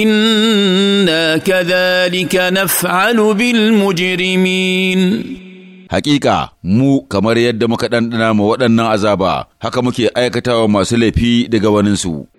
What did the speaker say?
انا كذلك نفعل بالمجرمين Hakika mu kamar yadda muka ɗanɗana ma waɗannan azaba haka muke aikatawa masu laifi daga waninsu.